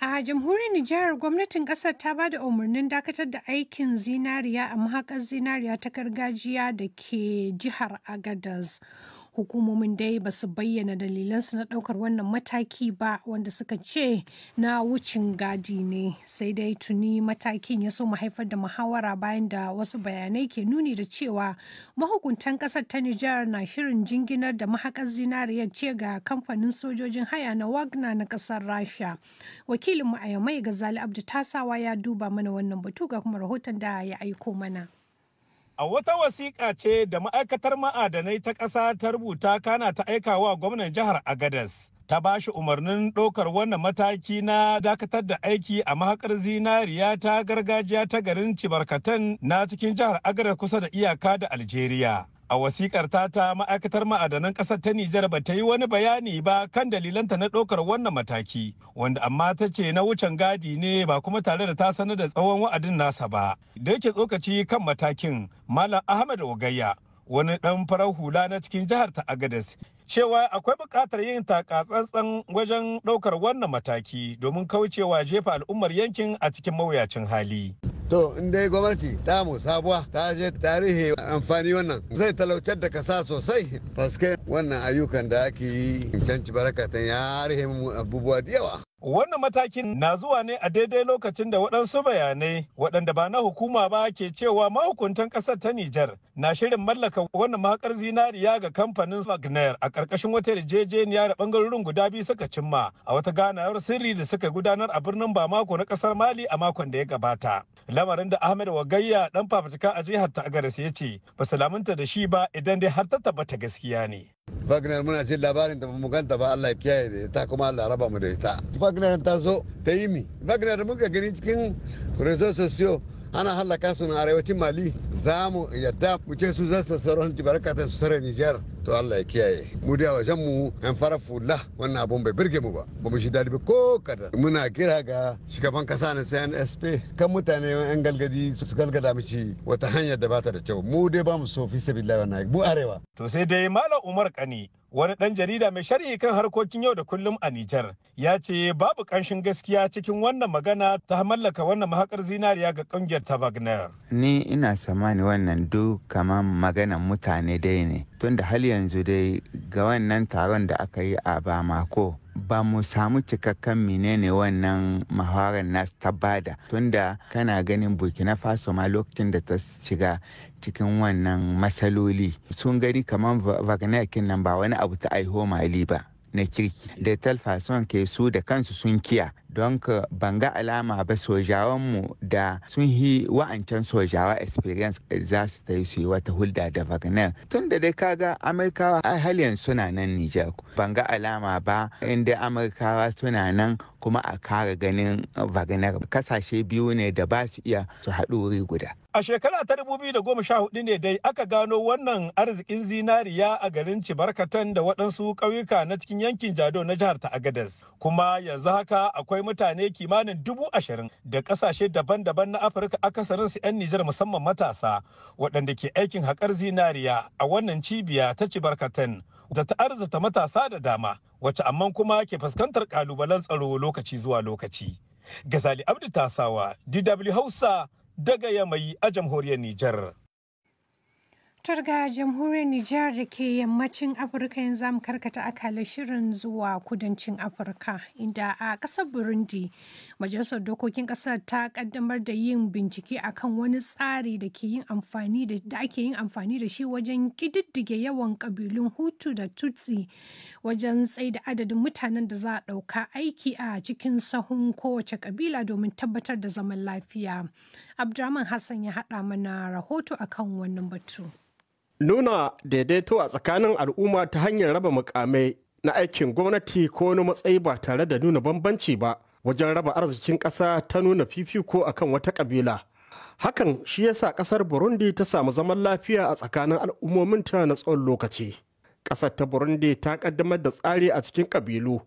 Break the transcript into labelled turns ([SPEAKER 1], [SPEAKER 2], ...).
[SPEAKER 1] A jamhuriyar Nijar, gwamnatin kasar ta ba da umarnin dakatar da aikin zinariya a mahakar zinariya ta gargajiya da ke jihar Agadez. Hukumomin dai ba su bayyana dalilansu na daukar wannan mataki ba wanda suka ce na wucin gadi ne sai dai tuni matakin ya so haifar da muhawara bayan da wasu bayanai ke nuni da cewa mahukuntan kasar ta Nijar na shirin jinginar da mahakar zinariyar ce ga kamfanin sojojin haya na Wagner na kasar Rasha. Wakilinmu a ga zali Abdu Tasawa ya duba mana wannan batu ga kuma rahoton da ya aiko mana.
[SPEAKER 2] A wata wasiƙa ce da ma'aikatar ma'adanai ta ƙasa ta rubuta kana ta aika wa gwamnan jihar Agadas. Ta ba shi umarnin ɗaukar wannan mataki na dakatar da aiki a mahaƙar zinariya ta gargajiya ta garin Cibarkatan na cikin jihar Agadas kusa da iyaka da Algeria. a wasikar ta ta ma'aikatar ma'adanan ƙasar ta Nijar ba ta yi wani bayani ba kan dalilanta na ɗaukar wannan mataki wanda amma ta ce na wucin gadi ne ba kuma tare da ta sanar da tsawon wa'adin nasa ba da yake tsokaci kan matakin Malam Ahmad Ogayya wani ɗan farar hula na cikin jihar ta Agadez cewa akwai buƙatar yin takatsantsan wajen ɗaukar wannan mataki
[SPEAKER 3] domin kaucewa jefa al'ummar yankin a cikin mawuyacin hali. to in dai gwamnati ta mu sabuwa ta je tarihi amfani wannan zai talaucar da kasa sosai faske wannan ayyukan da ake yi canci barakatan ya rihe mu abubuwa da yawa
[SPEAKER 2] Wannan matakin na zuwa ne a daidai lokacin da waɗansu bayanai waɗanda ba na hukuma ba ke cewa mahukuntan ƙasar ta Nijar na shirin mallaka wannan mahakar zinariya ga kamfanin Wagner a ƙarƙashin wata yarjejeniya da ɓangarorin guda biyu suka cimma a wata ganawar sirri da suka gudanar a birnin Bamako na ƙasar Mali a makon da ya gabata. Lamarin da Ahmed Wagayya ɗan fafutuka a jihar ta ya ce ba su lamunta da shi ba idan dai har ta tabbata gaskiya
[SPEAKER 3] ne. Wagner muna jin labarin ta mu ganta ba Allah ya kiyaye da ita kuma Allah raba mu da ita. Wagner ta zo ta yi mi. Wagner muka gani cikin rezo sosiyo ana hallaka su na arewacin Mali za mu yadda mu ce su zasa sauran barkata su sare Nijar. to Allah ya kiyaye mu da wajen mu an fara fula wannan abun bai birge mu ba ba mu shi dadi ba ko kada muna kira ga shugaban kasa na CNSP kan mutane yan galgadi su galgada shi wata hanyar da bata da kyau mu dai ba mu so fi sabilillah mu arewa
[SPEAKER 2] to sai dai malam Umar Kani wani ɗan jarida mai sharhi kan harkokin yau da kullum a Nijar ya ce babu ƙanshin gaskiya cikin wannan magana ta mallaka wannan mahakar zinariya ga ƙungiyar ta Wagner.
[SPEAKER 4] Ni ina samani wannan duk kamar maganan mutane dai ne tunda har yanzu dai ga wannan taron da aka yi a Bamako ba mu samu cikakken menene wannan mahawarar na ta bada tunda kana ganin burkina faso ma lokacin da ta shiga cikin wannan matsaloli sun gani kamar wagner nan ba wani abu ta aiho mali ba na kirki da talfason ke su da kansu sun kiya don ka banga alama ba sojawanmu da sun yi wa'ancan sojawa experience za su ta su yi wata hulda da wagner tun da dai kaga amurkawa a halin suna nan nijar banga alama ba inda amurkawa suna nan kuma a kara ganin wagner kasashe biyu ne da ba su iya su haɗu wuri guda
[SPEAKER 2] A shekara ta hudu ne dai aka gano wannan arzikin zinariya a garin Cibarkatan da waɗansu ƙauyuka na cikin yankin Jado na jihar ta Agadez. Kuma yanzu haka akwai mutane kimanin dubu ashirin da ƙasashe daban-daban na Afirka akasarin su 'yan Nijar musamman matasa waɗanda ke aikin haƙar zinariya a wannan cibiya ta Cibarkatan. Da ta arzita matasa da dama, wacce amma kuma ke fuskantar ƙalubalen tsaro lokaci zuwa lokaci. Gazali Abdu Tasawa, DW Hausa, daga yamai a jamhuriyar Nijar.
[SPEAKER 1] turga jamhuriyar Nijar da ke yammacin Afirka yanzu zamu karkata akala shirin zuwa kudancin Afirka inda a ƙasar Burundi majalisar dokokin ƙasar ta kaddamar da yin bincike akan wani tsari da ke yin amfani da ake yin amfani da shi wajen ƙididdige yawan ƙabilun Hutu da Tutsi wajen da adadin mutanen da za a ɗauka aiki a cikin sahun kowace kabila domin tabbatar da zaman lafiya. Abdurrahman Hassan ya haɗa mana rahoto a kan wannan batu.
[SPEAKER 2] Nuna daidaito a tsakanin al'umma ta hanyar raba mukamai na aikin gwamnati ko wani matsayi ba tare da nuna bambanci ba wajen raba arzikin ƙasa ta nuna fifiko a kan wata ƙabila. Hakan shi yasa ƙasar Burundi ta samu zaman lafiya a tsakanin al'ummominta na tsawon lokaci. ƙasar ta burundi ta ƙaddamar da tsari a cikin ƙabilu